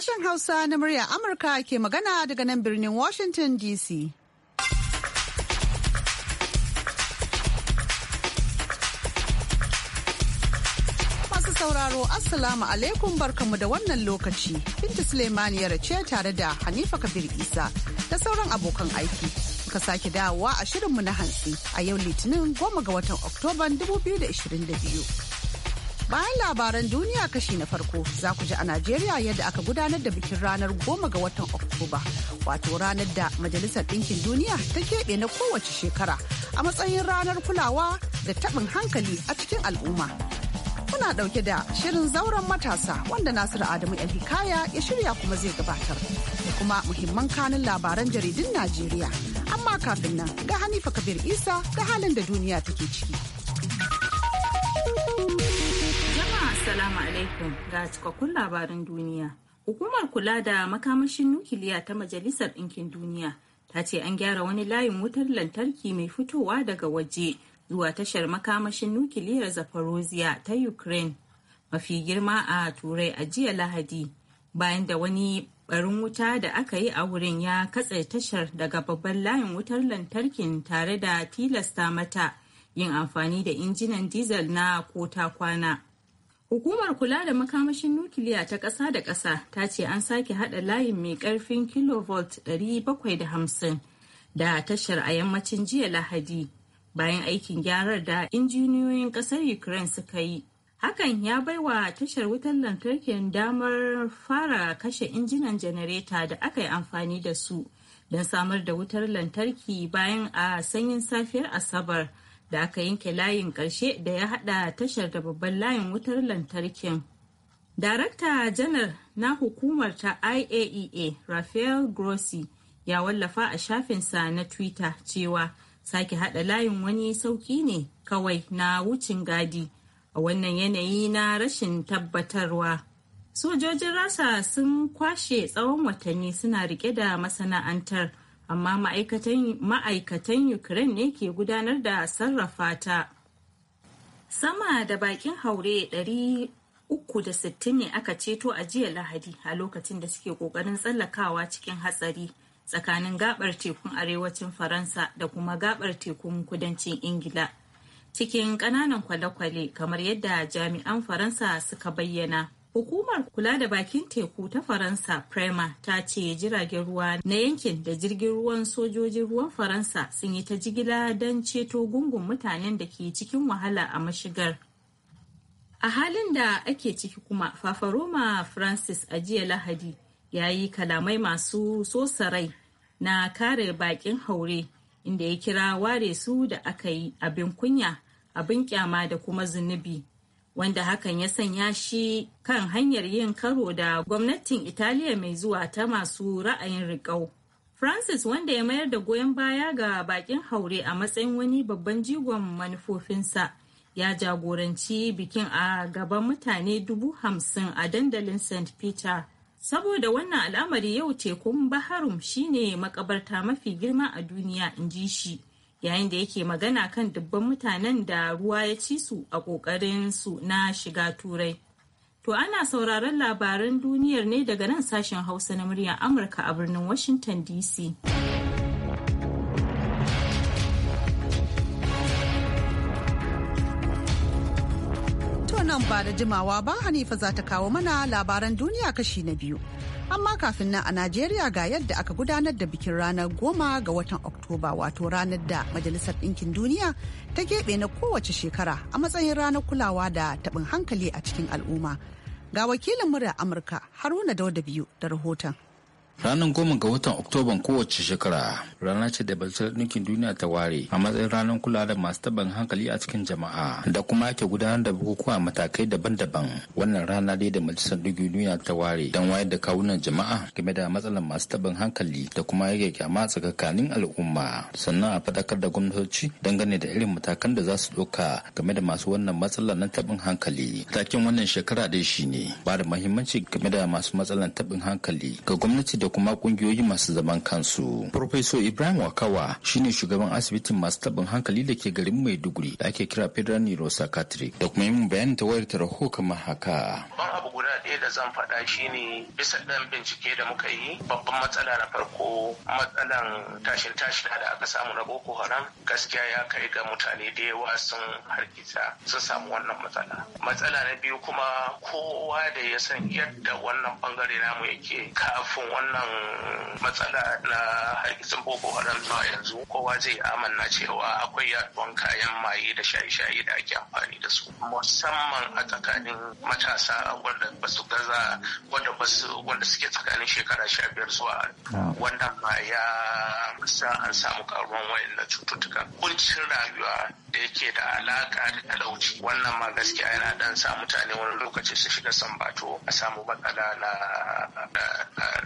Sashen Hausa na murya Amurka ke magana daga nan birnin Washington DC. Masu sauraro Assalamu alaikum barkamu da wannan lokaci. Binta Suleimani ya race tare da Hanifa Kabir Isa da sauran abokan aiki. Muka sake dawowa a shirinmu na hantsi a yau Litinin goma ga watan Oktoban 2022. Bayan labaran duniya kashi na farko za ku ji a Najeriya yadda aka gudanar da bikin ranar goma ga watan Oktoba, wato ranar da Majalisar Ɗinkin Duniya ta keɓe na kowace shekara a matsayin ranar kulawa da taɓin hankali a cikin al'umma. Kuna ɗauke da shirin zauren matasa wanda Nasiru Adamu hikaya ya shirya kuma zai gabatar da kuma muhimman kanun labaran jaridun Najeriya. Amma kafin nan ga Hanifa Kabir Isa ga halin da duniya take ciki. Assalamu alaikum ga cikakkun labarin duniya. Hukumar kula da makamashin nukiliya ta Majalisar Ɗinkin Duniya ta ce an gyara wani layin wutar lantarki mai fitowa daga waje zuwa tashar makamashin nukiliyar Zaporozhia ta Ukraine mafi girma a Turai a jiya Lahadi bayan da wani barin wuta da aka yi a wurin ya katse tashar daga babban layin wutar lantarkin tare da tilasta mata yin amfani da injinan diesel na kota kwana. Hukumar kula da makamashin nukiliya ta ƙasa da ƙasa ta ce an sake haɗa layin mai ƙarfin kilovolt 750 da tashar a yammacin jiya Lahadi bayan aikin gyarar da injiniyoyin ƙasar Ukraine suka yi. Hakan ya baiwa tashar wutar lantarkin damar fara kashe injinan janareta da aka yi amfani da su don samar da wutar lantarki bayan a sanyin safiyar Asabar. da aka yanke layin ƙarshe da ya haɗa tashar da babban layin wutar lantarkin. Darakta janar na hukumar ta IAEA e Rafael Grossi ya wallafa a shafinsa na Twitter cewa sake haɗa layin wani sauƙi ne kawai na wucin gadi a wannan yanayi na rashin tabbatarwa. Sojojin rasa sun kwashe tsawon watanni suna rike da masana'antar amma ma'aikatan ukraine ne ke gudanar da sarrafa ta sama da bakin haure 360 ne aka ceto a jiya lahadi a lokacin da suke kokarin tsallakawa cikin hatsari tsakanin gabar tekun arewacin faransa da kuma gabar tekun kudancin ingila cikin kananan kwale-kwale kamar yadda jami'an faransa suka bayyana Hukumar kula da bakin teku ta Faransa Prema ta ce jiragen ruwa na yankin da jirgin ruwan sojojin ruwan Faransa sun yi ta jigila don ceto gungun mutanen da ke cikin wahala a mashigar. A halin da ake ciki kuma Fafaroma Francis a jiya Lahadi ya yi kalamai masu sosarai na kare bakin haure inda ya kira ware su da aka yi abin kunya, abin kyama da kuma zunubi. wanda hakan ya sanya shi kan hanyar yin karo da gwamnatin Italiya mai zuwa ta masu ra'ayin riƙau. Francis wanda ya mayar da goyon baya ga bakin haure a matsayin wani babban jigon manufofinsa ya jagoranci bikin a gaban mutane dubu hamsin a dandalin St. Peter. Saboda wannan al'amari yau tekun Baharum shine makabarta mafi girma a duniya in ji shi. yayin da yake magana kan dubban mutanen da ruwa ya ci su a ƙoƙarin su na shiga turai to ana sauraron labaran duniyar ne daga nan sashen hausa na muryar amurka a birnin washington dc nan ba da jimawa ba Hanifa za ta kawo mana labaran duniya kashi na biyu. Amma kafin nan a Najeriya ga yadda aka gudanar da bikin ranar goma ga watan Oktoba wato ranar da Majalisar Ɗinkin Duniya ta keɓe na kowace shekara a matsayin ranar kulawa da taɓin hankali a cikin al'umma. Ga wakilin murya Amurka Haruna Dauda biyu da rahoton. Ranar goma ga watan Oktoban kowace shekara rana ce da Bajisar Ɗinkin Duniya ta ware a matsayin ranar kula da masu taban hankali a cikin jama'a da kuma ake gudanar da bukukuwa matakai daban-daban. Wannan rana dai da Majalisar Ɗinkin Duniya ta ware don wayar da kawunan jama'a game da matsalar masu taban hankali da kuma yake kyama tsakakanin al'umma. Sannan a faɗakar da gwamnatoci dangane da irin matakan da za su ɗauka game da masu wannan matsalar na taɓin hankali. Takin wannan shekara dai shine ba da muhimmanci game da masu matsalar taɓin hankali ga gwamnati da kuma kungiyoyi masu zaman kansu. Professor Ibrahim Wakawa shine shugaban asibitin masu tabin hankali da ke garin Maiduguri da ake kira Federal Neuropsychiatric da kuma mun bayanin ta wayar tarho kamar haka. Ban abu guda ɗaya da zan faɗa shine bisa ɗan bincike da muka yi babban matsala na farko matsalan tashin tashin da aka samu na Boko Haram gaskiya ya kai ga mutane da yawa sun hargitsa sun samu wannan matsala. Matsala na biyu kuma kowa da ya san yadda wannan bangare namu yake kafin wannan wannan matsala na hargitsin boko haram zuwa yanzu kowa zai amanna cewa akwai yaduwan kayan maye da shaye-shaye da ake amfani da su musamman a tsakanin matasa wanda ba su gaza wanda ba su wanda suke tsakanin shekara sha biyar zuwa ah. wanda ma ya sa an samu karuwan wayan na cututtuka kuncin rayuwa da yake da alaka da talauci wannan ma gaskiya yana dan sa mutane wani lokaci su shiga sambato a samu matsala na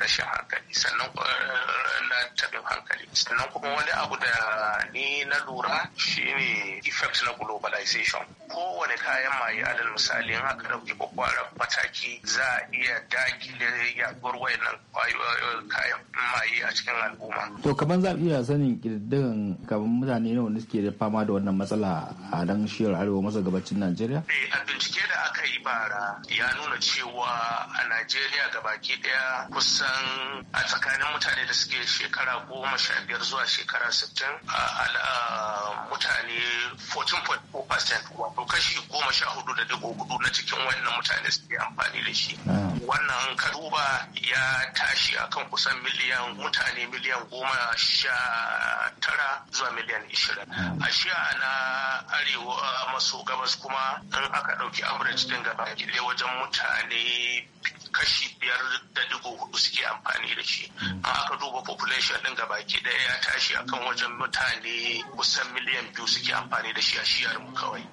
rashin hankali sannan na tabin hankali sannan kuma wani abu da ni na lura shine effect na globalization kowane kayan maye alal misali in aka dauki kwakwaran mataki za a iya dakile yaduwar wayannan kayan maye a cikin al'umma to kaman za a iya sanin kididdigan kaman mutane nawa ne suke da fama da wannan matsala matsala a nan shiyar arewa masa gabacin najeriya eh, a bincike da aka yi bara ya nuna cewa a najeriya gabaki daya kusan a tsakanin mutane da suke shekara goma sha biyar zuwa shekara sittin mutane 14.4% wato kashi goma sha hudu da dubu hudu na cikin wannan mutane suke amfani da shi ah. wannan karuba ya tashi akan kusan miliyan mutane miliyan goma sha tara zuwa miliyan ishirin ah. a shi'a na arewa maso gabas kuma in aka ɗauki average din gaba ɗaya wajen mutane kashi biyar da dubu hudu suke amfani da shi hmm. a aka duba population din baki daya ya tashi akan wajen mutane kusan miliyan biyu suke amfani da shi a shiyar mu kawai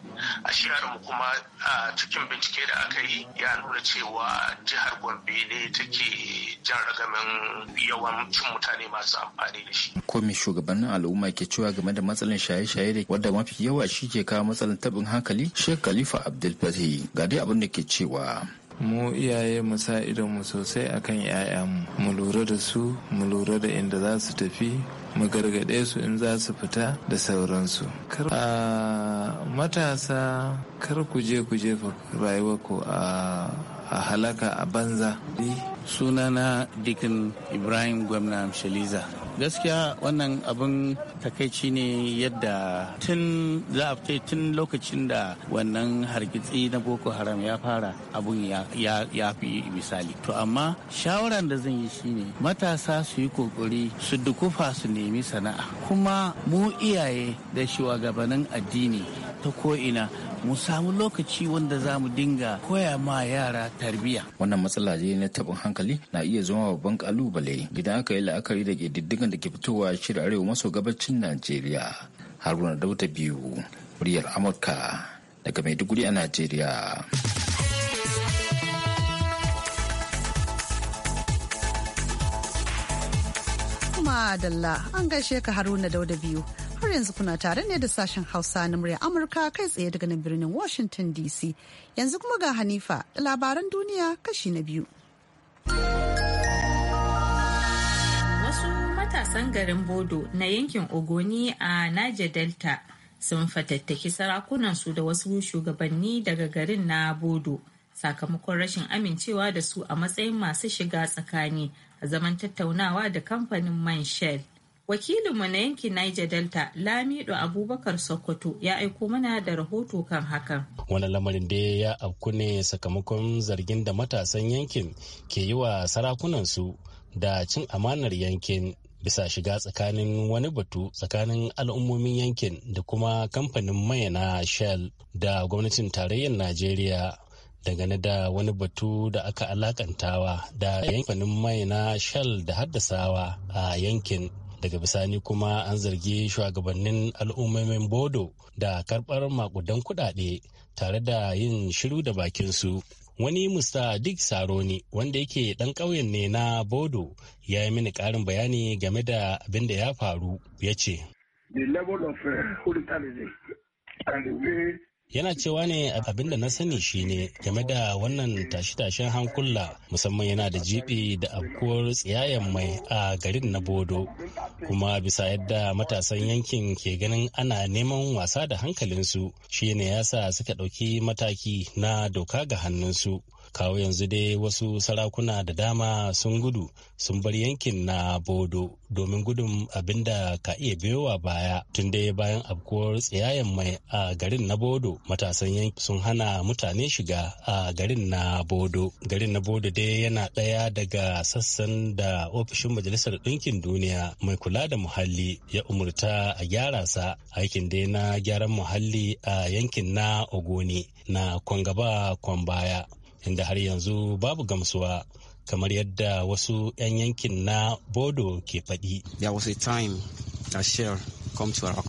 a shiyar mu kuma a cikin bincike da aka yi ya nuna cewa jihar gombe ne take jan ragamin cin mutane masu amfani da shi ko me shugabannin al'umma ke cewa game da matsalar shaye-shaye da wadda mafi yawa shi ke kawo matsalar tabin hankali shek khalifa abdul ga dai abin da ke cewa mu iyaye mu sa idonmu sosai akan 'ya'yanmu mu mu lura da su mu lura da inda za su tafi mu gargaɗe su in za su fita da sauransu. A matasa kar ku je ku jefa rayuwarku a halaka a banza. Sunana Dikin Ibrahim Gwamna Shaliza. gaskiya wannan abin takaici ne yadda tun za a tun lokacin da wannan hargitsi na boko haram ya fara abun ya fi misali to amma shawaran da zan yi shine matasa su yi kokori su dukufa su nemi sana'a kuma mu iyaye da shugabannin addini ta ko'ina mu samu lokaci wanda za mu dinga koya ma yara tarbiyya. Wannan matsala ne na tabin hankali na iya zama babban kalubale idan aka yi la'akari da ƙididdigan da ke fitowa shirin arewa maso gabacin Najeriya. Haruna Dauda biyu, muryar Amurka daga Maiduguri a Najeriya. Madalla an gaishe ka Haruna Dauda biyu. yanzu kuna tare ne da sashen Hausa na murya Amurka kai tsaye daga nan birnin Washington DC. Yanzu kuma ga Hanifa da labaran duniya kashi na biyu. Wasu matasan garin Bodo na yankin Ogoni a Niger Delta sun fatattaki sarakunansu da wasu shugabanni daga garin na Bodo sakamakon rashin amincewa da su a matsayin masu shiga tsakani a zaman tattaunawa da kamfanin man Shell. Wakilinmu na yankin Niger Delta Lamido Abubakar Sokoto ya aiko mana da rahoto kan hakan. Wani lamarin da ya afku ne sakamakon zargin da matasan yankin ke yi wa sarakunansu da cin amanar yankin bisa shiga tsakanin wani batu tsakanin al'ummomin yankin da kuma kamfanin mai na Shell da gwamnatin tarayyar Najeriya. dangane da wani batu da aka alakantawa da yankin mai na shell da haddasawa a yankin daga bisani kuma an zargi shugabannin al'ummomin bodo da karbar makudan kudade tare da yin shiru da su wani musta dik saroni wanda yake dan ƙauyen ne na bodo ya yi mini ƙarin bayani game da abin da ya faru ya ce the level of uh, and the way yana cewa ne abinda na sani shine game da wannan tashi tashen hankula musamman yana da jibi da abkuwar tsiyayen mai a garin na bodo kuma bisa yadda matasan yankin ke ganin ana neman wasa da hankalinsu shine sa suka ɗauki mataki na doka ga hannunsu kawo yanzu dai wasu sarakuna da dama sun gudu sun bar yankin na bodo domin gudun abin da ka iya biyowa baya tun dai bayan afkuwar tsayayen mai a garin na bodo matasan yankin sun hana mutane shiga a garin na bodo garin na bodo dai yana ɗaya daga sassan da ofishin majalisar ɗinkin duniya mai kula da muhalli ya umurta a gyara sa aikin dai na gyaran muhalli a yankin na ogoni na kwangaba kwambaya inda har yanzu babu gamsuwa kamar yadda wasu 'yan yankin na bodo ke faɗi.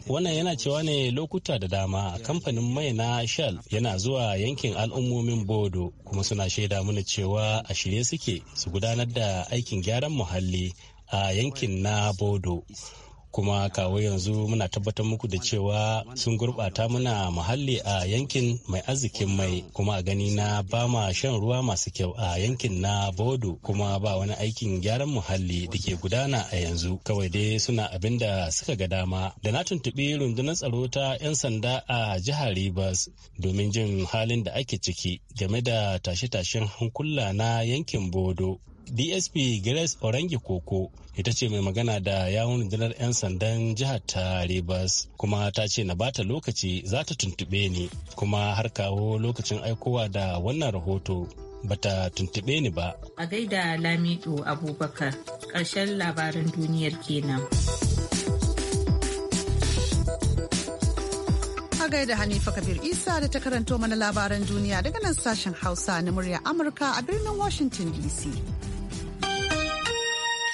Wannan yana cewa ne lokuta da dama kamfanin mai na Shell yana zuwa yankin al'ummomin Bodo kuma suna shaida mana cewa a shirye suke su gudanar da aikin gyaran muhalli a yankin na Bodo. kuma kawo yanzu muna tabbatar muku da cewa sun gurɓata muna muhalli a yankin mai arzikin mai kuma a gani na ba ma shan ruwa masu kyau a yankin na bodo kuma ba wani aikin gyaran muhalli da ke gudana a yanzu kawai dai suna abin da suka ga dama da na tuntuɓi rundunar tsaro ta 'yan sanda a jihar rivers domin jin halin da ake ciki game da tashe-tashen hankula na yankin bodo dsp grace orangi koko ita ce mai magana da yawon rundunar 'yan sandan jihar ta rivers kuma ta ce na bata lokaci za ta tuntube ni kuma har kawo lokacin aikowa da wannan rahoto bata tuntube ni ba a gaida lamido abubakar ƙarshen labarin duniyar kenan A gaida Hanifa Kabir Isa da ta karanto mana labaran duniya daga nan sashen Hausa na murya Amurka a birnin Washington DC.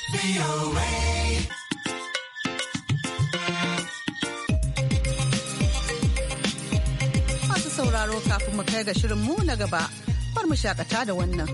Masu sauraro kafin mu kai ga shirin mu na gaba, bar mu shakata da wannan.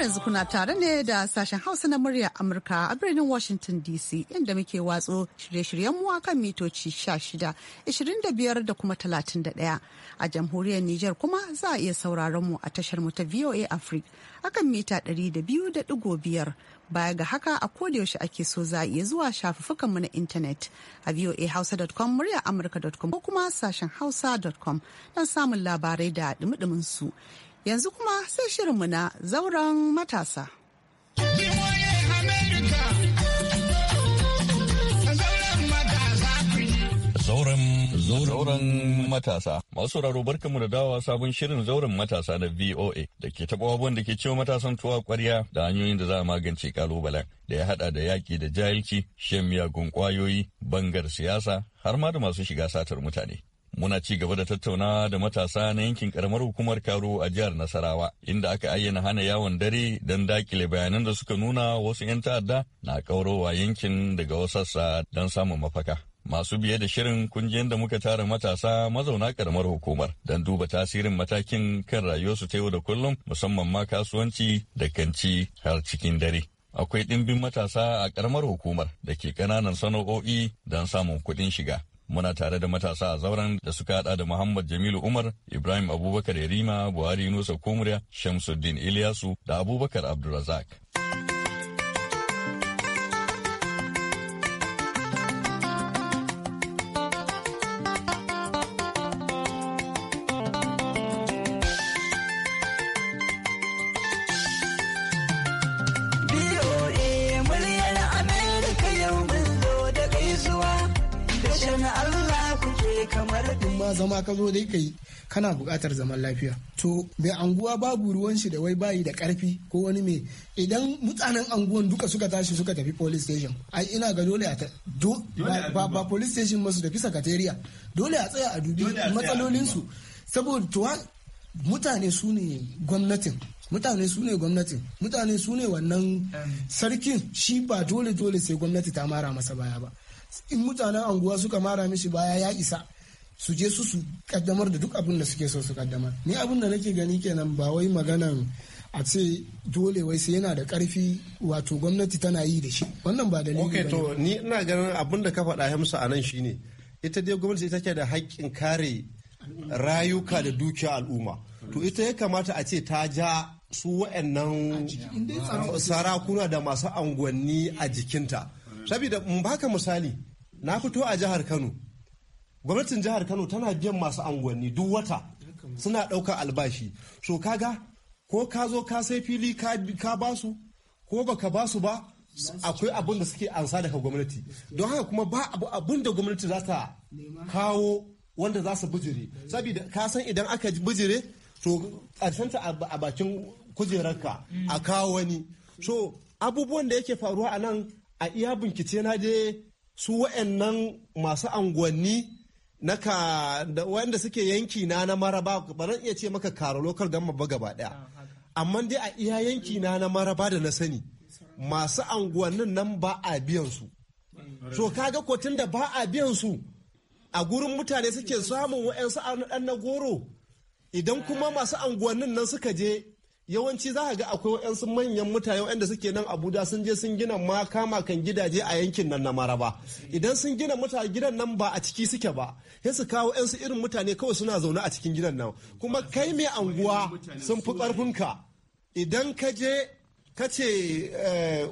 har yanzu kuna tare ne da sashen Hausa na murya Amurka a birnin Washington DC inda muke watsu shirye-shiryen mu kan mitoci 16, 25 da kuma 31. A jamhuriyar Nijar kuma za a iya sauraron mu a tashar mu ta VOA Africa akan mita 200.5. Baya ga haka a yaushe ake so za a iya zuwa shafafukanmu na intanet a voahausa.com murya amurka.com ko kuma sashen hausa.com don samun labarai da dumi su. Yanzu kuma sai shirinmu na zauren matasa. Zauren matasa. Masu raro barkanmu da dawa sabon shirin zauren matasa na VOA da ke taɓa abubuwan da ke cewa matasan tuwa kwarya da hanyoyin da za a magance kalubalen da ya haɗa da yaƙi da jahilci, shan miyagun ƙwayoyi, bangar siyasa, har ma da masu shiga satar mutane. Muna ci gaba da tattaunawa da matasa na yankin karamar hukumar Karo a jihar Nasarawa, inda aka ayyana hana yawon dare don dakile bayanan da suka nuna wasu 'yan ta'adda na kaurowa yankin daga wasassa don samun mafaka. Masu biye da shirin kungiyar da muka tara matasa mazauna karamar hukumar don duba tasirin matakin kan rayuwarsu ta yau da kullum musamman ma kasuwanci da kanci har cikin dare. akwai ɗimbin matasa a karamar hukumar da ke ƙananan sana'o'i don samun kuɗin shiga. Muna tare da matasa a zauren da suka hada da Muhammad Jamilu Umar, Ibrahim Abubakar Yarima, Buhari Nusa Kumriya, Shamsuddin Ilyasu da Abubakar Abdulrazak. zama ka zo dai kai kana buƙatar zaman lafiya to mai anguwa babu ruwan shi da wai bayi da karfi ko wani mai idan mutanen anguwan duka suka tashi suka tafi police station ai ina ga dole a ba police station masu tafi sakatariya dole a tsaya a dubi matsalolinsu saboda tuwa mutane su ne gwamnatin mutane su ne gwamnatin mutane su ne wannan sarkin shi ba dole dole sai gwamnati ta mara masa baya ba in mutanen anguwa suka mara mishi baya ya isa su je su su kaddamar da duk abin da suke so su kaddamar ni abin da nake gani kenan ba wai maganan a ce dole wai sai yana da karfi wato gwamnati tana yi da shi wannan ba da okay, to ni ina ganin abin da ka faɗa hamsa a nan shine ita dai gwamnati ita ke da haƙƙin kare rayuka da dukiyar al'umma to ita ya kamata a ce ta ja su wa'annan sarakuna da masu angwanni a jikinta saboda in baka misali na fito a jihar kano gwamnatin jihar kano tana biyan masu anguwanni duk wata suna ɗaukar albashi so kaga ko ka zo ka sai fili ka basu ko baka basu ba akwai abin da suke ansa daga gwamnati don haka kuma ba abin da gwamnati za ta kawo wanda za su bijire saboda ka san idan aka bijire to ƙarshenta a bakin kujerarka a kawo wani so abubuwan da yake faruwa a nan a iya bincike na je su wa'annan masu anguwanni na ka wanda suke yanki na na maraba ba zan iya ce maka karo lokal gama ba gaba daya ah, amma dai a iya yanki na na maraba da na sani masu anguwannin nan ba a biyan su eh. so kaga ko tunda ba a biyan su a gurin mutane suke samun wa'yansu a na goro idan kuma masu anguwannin nan suka je yawanci za ka ga akwai wayansu manyan mutane waɗanda suke nan abuja sun je sun gina makama kan gidaje a yankin nan na maraba idan sun gina mutane gidan nan ba a ciki suke ba sai su kawo waɗansu irin mutane kawai suna zaune a cikin gidan nan kuma kai mai anguwa sun fi ƙarfinka idan ka je ka ce eh,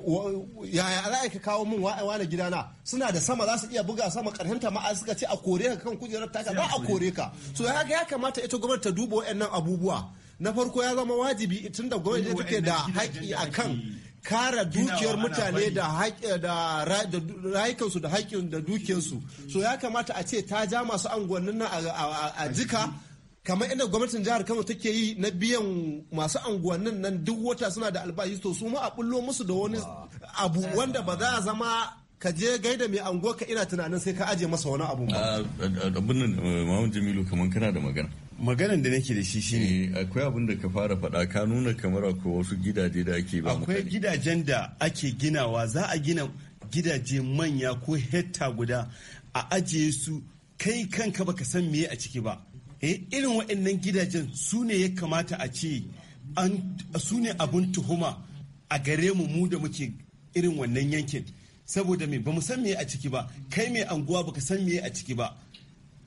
yaya ra'ayi ka kawo min gida na gidana suna da sama za su iya buga sama karshen ta ma'a suka ce a kore ka kan kujerar taka za a kore ka so ya ya kamata ita gwamnati ta duba waɗannan abubuwa na farko ya zama wajibi tunda gwamnati take da haƙƙi a kan kara dukiyar mutane da eh, rayukansu da haƙƙin da dukiyarsu so ya kamata a ce ta ja masu anguwannin nan a jika kamar inda gwamnatin jihar kano take yi na biyan masu anguwannin nan duk wata suna da albashi to su ma a bullo musu da wani abu wanda ba za a zama ka je gaida mai anguwa ka ina tunanin sai ka aje masa wani abu ba. Ah, eh, eh, abin nan jamilu kamar kana da magana maganan da nake da shi shine eh, akwai abin da ka fara faɗa ka nuna kamar akwai wasu gidaje da ake ba akwai gidajen da ake ginawa za a gina gidaje manya ko hekta guda a ajiye su kai kanka baka san meye a ciki ba eh irin waɗannan gidajen su ne ya kamata a ce su ne abin tuhuma a gare mu mu da muke irin wannan yankin saboda me ba mu san meye a ciki ba kai mai anguwa baka san meye a ciki ba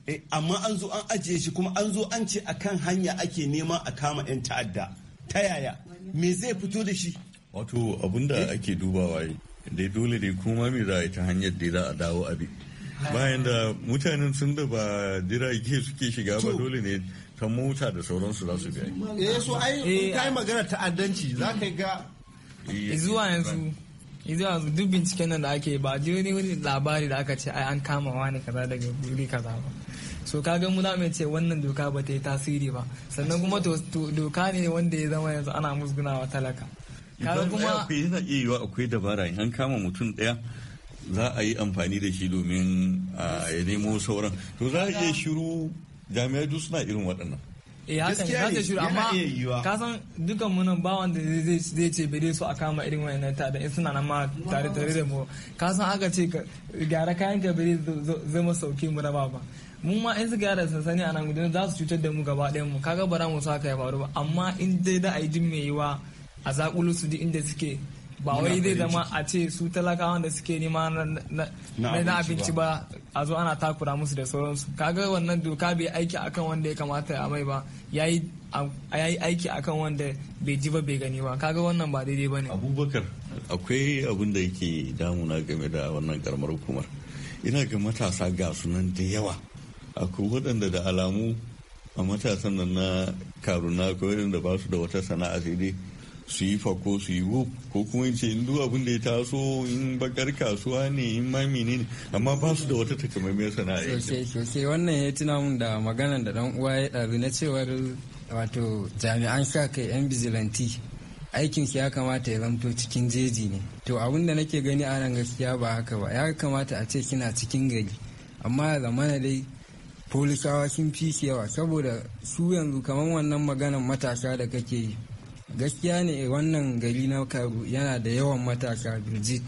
Eh, amma an zo an ajiye shi kuma an zo an ce a kan hanya ake nema a kama 'yan ta'adda ta yaya me zai fito da shi wato abinda eh? ake dubawa dai dole dai kuma me za a yi ta hanyar da za a dawo abi bayan da mutanen sun da ba jirage suke shiga ba dole ne ta mota da sauransu za su biya eh so ai eh, kai magana ta'addanci za ka ga zuwa yanzu yanzu duk binciken nan da ake ba ji wani wani labari da aka ce ai an kama wani kaza daga guri kaza ba so ka ga muna mai ce wannan doka ba ta yi tasiri ba sannan kuma doka ne wanda ya zama yanzu ana musgunawa talaka kaga kuma yana iya yiwa akwai dabara in an kama mutum daya za a yi amfani da shi domin ah, ya nemo sauran to za a iya shiru jami'ai duk suna irin waɗannan eh haka ne ta shiru amma ka san dukan mu ba wanda zai ce bai so a kama irin wayannan tare in suna nan ma tare tare da mu ka san aka ce gyara kayan ka bai zai mu sauke mu raba ba mun ma in su gyara sansani a nan gudunar za su cutar da mu gaba ɗayan mu kaga bara mu sa ka ya faru ba amma in dai da a yi jin mai yiwa a zakulu su di inda suke ba wai zai zama a ce su talakawan da suke nima na abinci ba a zo ana takura musu da sauransu kaga wannan doka bai aiki akan wanda ya kamata ya mai ba ya yi aiki akan wanda bai ji ba bai gani ba kaga wannan ba daidai ba ne abubakar akwai abin da yake damuna game da wannan karamar hukumar ina ga matasa ga sunan da yawa akwai waɗanda da alamu a matasan nan na karuna akwai waɗanda ba su da wata sana'a sai dai su yi fako su yi ko kuma in ce in duk abin da ya taso in bakar kasuwa ne in ma ne amma ba su da wata takamaimiyar sana'a sosai sosai wannan ya tuna mun da maganar da dan uwa ya ɗaru na cewar wato jami'an sa kai yan bizilanti aikin su ya kamata ya zamto cikin jeji ne to abin da nake gani a nan gaskiya ba haka ba ya kamata a ce kina cikin gari amma zamana dai polisawa sun fi yawa saboda su yanzu kamar wannan maganar matasa da kake yi gaskiya ne wannan gari na karu yana da yawan matasa birjit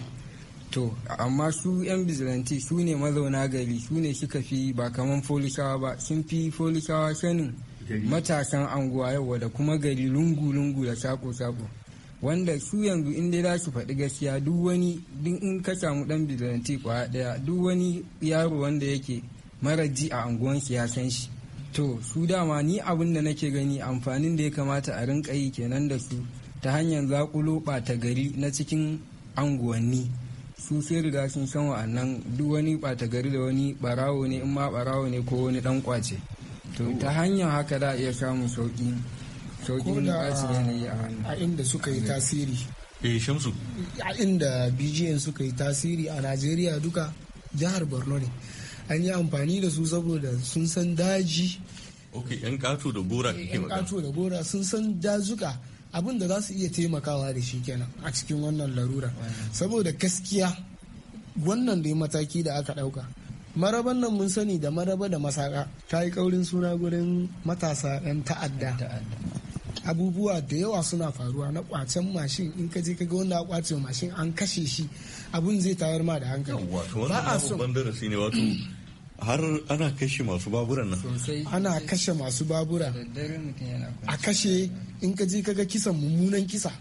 to amma su yan bizilanti su ne mazauna gari su ne suka fi ba kaman folisawa ba sun fi folisawa sanin matasan anguwa yau da kuma gari lungu-lungu da sako-sako wanda su yanzu in dai za su faɗi gaskiya duk wani duk in ka samu dan bizilanti kwaya daya duk wani yaro wanda yake mara ji a anguwan ya shi to su dama ni abin da nake gani amfanin da ya kamata a rinka yi kenan da su ta hanyar zakulo ɓata gari na cikin anguwanni su sai riga sun san wa'annan duk wani ɓata gari da wani barawo ne in ma barawo ne ko wani dan kwace to ta hanyar haka da iya samun sauƙi sauƙin ɓacin yanayi a hannu a inda suka yi tasiri eh shamsu a inda bgn suka yi tasiri a najeriya duka jihar borno ne an yi amfani da su saboda sun san daji ok yan kato da gora eh, magana kato da gora sun san dazuka abin da za su iya taimakawa da shi kenan a cikin wannan larura saboda gaskiya wannan da mataki da aka dauka maraban nan mun sani da maraba da masaka ta yi kaurin suna gurin matasa 'yan ta'adda abubuwa da yawa suna faruwa na kwacen mashin in ka je ka ga wanda kwace mashin an kashe shi abun zai tayar ma da hankali ba a so ne wato har ana kashe masu babura nan ana kashe masu babura a kashe in ka je ka ga kisan mummunan kisa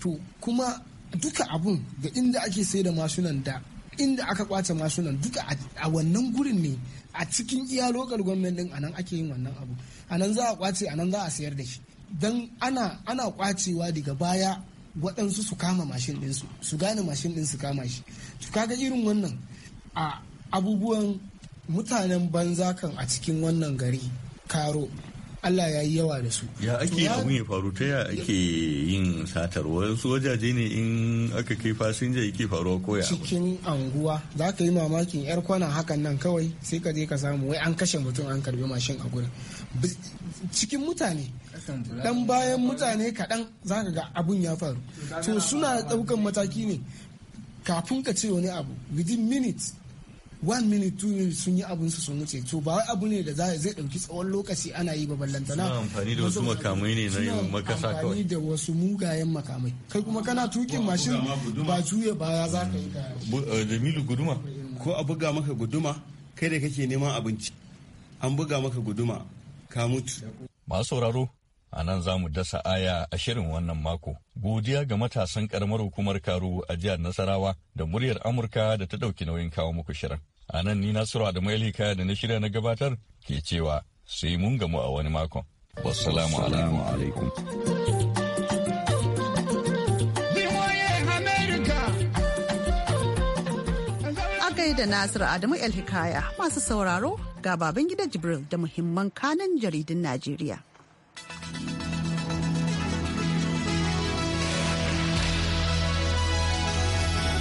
to kuma duka abun da inda ake sai da mashinan da inda aka kwace mashinan duka a wannan gurin ne a cikin iya lokal gwamnan din anan ake yin wannan abu anan za a kwace anan za a sayar da shi don ana ana kwacewa daga baya waɗansu su kama mashin ɗinsu su gane mashin ɗin su kama shi su kaga irin wannan a abubuwan mutanen banza kan a cikin wannan gari karo Allah ya yi yawa da su. Ya ake abin ya faru ta ya ake yin satar wasu wajaje ne in aka kai fasinja yake faruwa koya. Cikin anguwa za ka yi mamakin yar kwana hakan nan kawai sai ka je ka samu wai an kashe mutum an karbi mashin a gurin. cikin mutane dan bayan mutane kaɗan za ka ga abun ya faru to suna ɗaukan mataki ne kafin ka ce wani abu within minutes one minute two minutes sun yi abun su sun wuce to ba abu ne da zai ɗauki tsawon lokaci ana yi ba ballantana amfani da wasu makamai ne na yin makasa kawai amfani da wasu mugayen makamai kai kuma kana tukin mashin ba juya baya za ka yi ka eh, jamilu guduma ko a buga maka guduma kai da kake neman abinci an buga maka guduma ka mutu. Masu sauraro, a nan za mu dasa aya a shirin wannan mako. Godiya ga matasan karamar hukumar Karu a jihar Nasarawa da muryar Amurka da ta ɗauki nauyin kawo muku shirin. A nan ni Nasiru da Mailika da na shirya na gabatar ke cewa sai mun gamu a wani makon. Wassalamu alaikum. da Nasir Adamu El Hikaya masu sauraro ga baban gida Jibril da muhimman kanan jaridun Najeriya.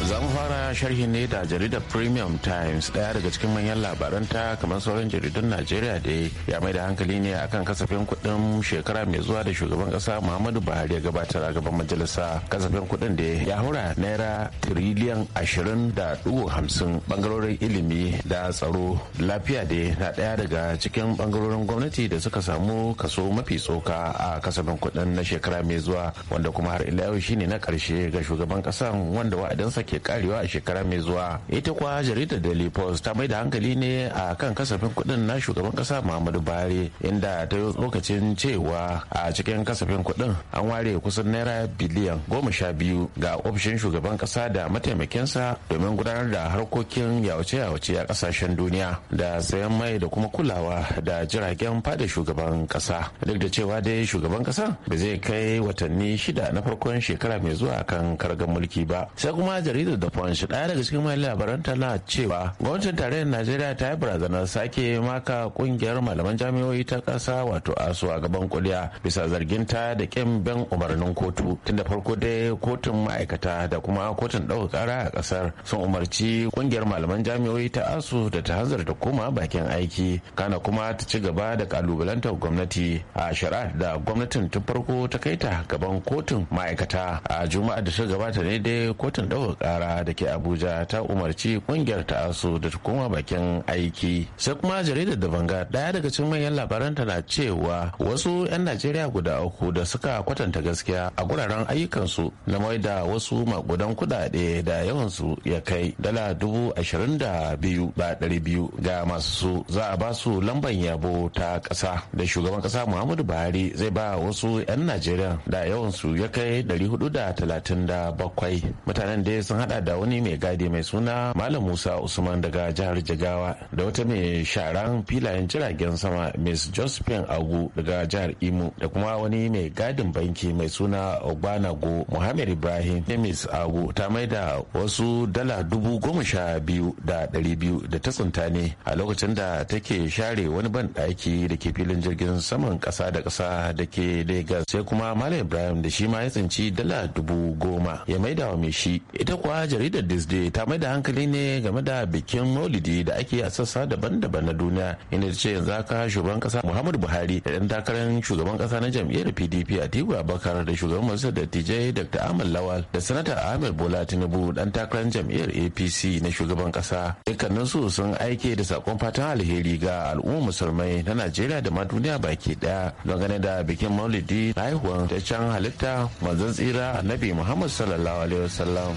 za fara sharhi ne da jaridar premium times daya daga cikin manyan labaranta kamar sauran jaridun najeriya da ya mai da hankali ne akan kasafin kuɗin shekara mai zuwa da shugaban kasa muhammadu buhari ya gabatar a gaban majalisa kasafin kuɗin da ya haura naira tiriliyan ashirin da dubu hamsin bangarorin ilimi da tsaro lafiya da na daya daga cikin bangarorin gwamnati da suka samu kaso mafi tsoka a kasafin kuɗin na shekara mai zuwa wanda kuma har ila yau shine na karshe ga shugaban kasan wanda wa'adinsa ke ke karewa a shekara mai zuwa ita kuwa jaridar daily post ta mai da hankali ne a kan kasafin kuɗin na shugaban kasa muhammadu buhari inda ta yi lokacin cewa a cikin kasafin kuɗin an ware kusan naira biliyan goma sha biyu ga ofishin shugaban kasa da mataimakinsa domin gudanar da harkokin yawace-yawace a kasashen duniya da sayan mai da kuma kulawa da jiragen fada shugaban kasa duk da cewa dai shugaban kasa ba zai kai watanni shida na farkon shekara mai zuwa kan kargan mulki ba sai kuma jaridar jaridar da punch daya daga cikin mai labaran na cewa gwamnatin tarayyar najeriya ta yi barazanar sake maka kungiyar malaman jami'o'i ta kasa wato asu a gaban kuliya bisa zargin ta da kin bin umarnin kotu tunda farko dai kotun ma'aikata da kuma kotun ɗaukar ƙara a ƙasar. sun umarci kungiyar malaman jami'o'i ta asu da ta hanzarta koma bakin aiki kana kuma ta ci gaba da kalubalantar gwamnati a shari'ar da gwamnatin ta farko ta kai ta gaban kotun ma'aikata a juma'a da ta gabata ne dai kotun ɗaukar yara da ke abuja ta umarci kungiyar ta asu da ta koma bakin aiki sai kuma jaridar da banga daya daga cikin manyan labaranta na cewa wasu 'yan najeriya guda uku da suka kwatanta gaskiya a guraren ayyukansu na mai da wasu makudan kudade da yawansu ya kai dala dubu ashirin da biyu ba ɗari biyu ga masu su za a ba su lamban yabo ta kasa. da shugaban ƙasa muhammadu buhari zai ba wasu 'yan najeriya da yawansu ya kai ɗari hudu da talatin da bakwai mutanen da sun hada da wani mai gadi mai suna malam musa usman daga jihar jigawa da wata mai sharan filayen jiragen sama miss josephine agu daga jihar imo da kuma wani mai gadin banki mai suna ogbanago muhammad ibrahim da miss agu ta maida wasu dala dubu goma sha biyu da dari biyu da ta tsinta ne a lokacin da take share wani ban daki da ke filin jirgin saman kasa da kasa da ke lagos sai kuma malam ibrahim da shi ma ya tsinci dala dubu goma ya maida wa mai shi ita kuwa jaridar disney ta mai da hankali ne game da bikin maulidi da ake a sassa daban-daban na duniya inda ce yanzu haka shugaban kasa muhammadu buhari da dan takarar shugaban kasa na jam'iyyar pdp a atiku abubakar da shugaban majalisar dattijai dr ahmad lawal da sanata ahmed bola tinubu dan takarar jam'iyyar apc na shugaban kasa dukkanin su sun aike da sakon fatan alheri ga al'ummar musulmai na najeriya da ma duniya baki daya dangane da bikin maulidi haihuwan da can halitta manzon tsira annabi muhammad sallallahu alaihi wasallam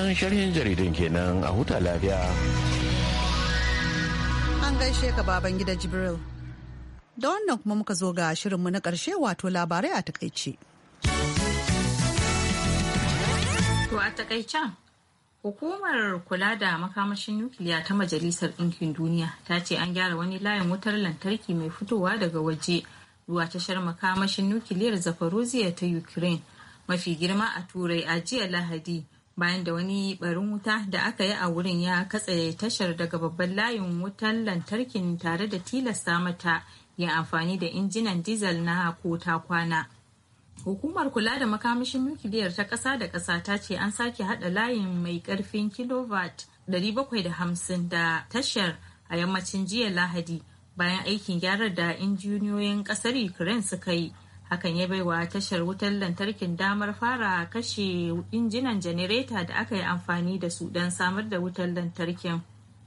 Ƙarshen sharhin jaridun kenan a huta lafiya. An gaishe ka baban gida Jibril. Da wannan kuma muka zo ga shirinmu na ƙarshe wato labarai a takaice. To a takaicen Hukumar kula da makamashin nukiliya ta Majalisar Ɗinkin Duniya ta ce an gyara wani layin wutar lantarki mai fitowa daga waje zuwa tashar makamashin nukiliyar Zaporozhye ta Ukraine mafi girma a Turai a jiya Lahadi bayan da wani barin wuta da aka yi a wurin ya katse tashar daga babban layin wutan lantarkin tare da tilasta mata yin amfani da injinan dizal na kota kwana. Hukumar kula da makamashin nukiliyar ta ƙasa da ƙasa ta ce an sake haɗa layin mai ƙarfin kilowatt 750 da tashar a yammacin jiya Lahadi bayan aikin gyarar da injiniyoyin ƙasar Ukraine suka yi. hakan ya baiwa tashar wutar lantarkin damar fara kashe injinan janareta da aka yi amfani da su don samar da wutar lantarkin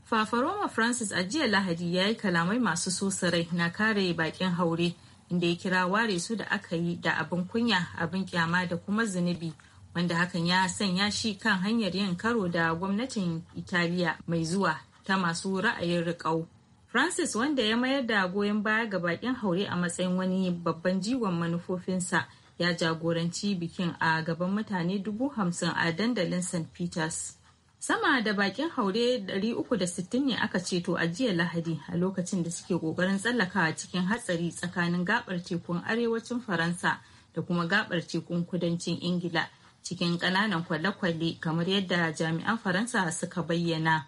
fafaroma francis a jiya lahadi ya yi kalamai masu sosarai na kare bakin haure inda ya kira ware su da aka yi da abin kunya abin kyama da kuma zunubi wanda hakan ya sanya shi kan hanyar yin karo da gwamnatin italiya mai zuwa ta masu ra'ayin riƙau francis wanda ya mayar da goyon baya ga bakin haure a matsayin wani babban jiwon manufofinsa ya jagoranci bikin a gaban mutane dubu hamsin a dandalin st peters sama da bakin haure 360 ne aka ceto a jiya lahadi a lokacin da suke kokarin tsallakawa cikin hatsari tsakanin gabar tekun arewacin faransa da kuma gabar tekun kudancin ingila cikin ƙananan kwale-kwale kamar yadda jami'an faransa suka bayyana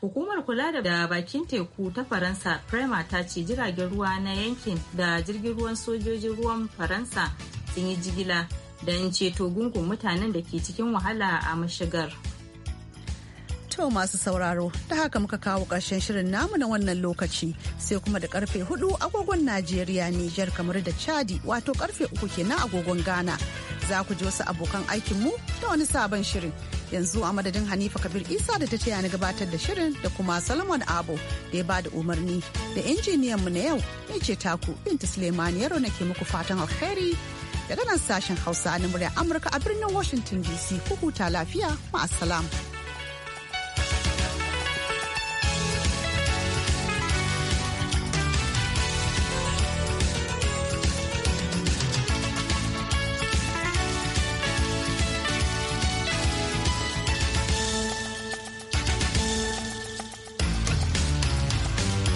Hukumar kula da bakin teku ta Faransa Prema ta ce jiragen ruwa na yankin da jirgin ruwan sojojin ruwan Faransa sun yi jigila don ceto gungun mutanen da ke cikin wahala a mashigar. To masu sauraro, ta haka muka kawo ƙarshen shirin namu na wannan lokaci sai kuma da karfe hudu agogon Najeriya Nijar kamar da Chadi wato karfe uku kenan agogon Ghana. Za ku ji wasu abokan aikinmu da wani sabon shirin. yanzu a madadin hanifa kabir isa da ta taya ni gabatar da shirin da kuma salomon abo da ya ba da umarni da injiniyan mu na yau ya ce taku binta suleimani yaro ke muku fatan alheri daga nan sashen hausa na murya amurka a birnin washington dc ku huta lafiya ma'asalam.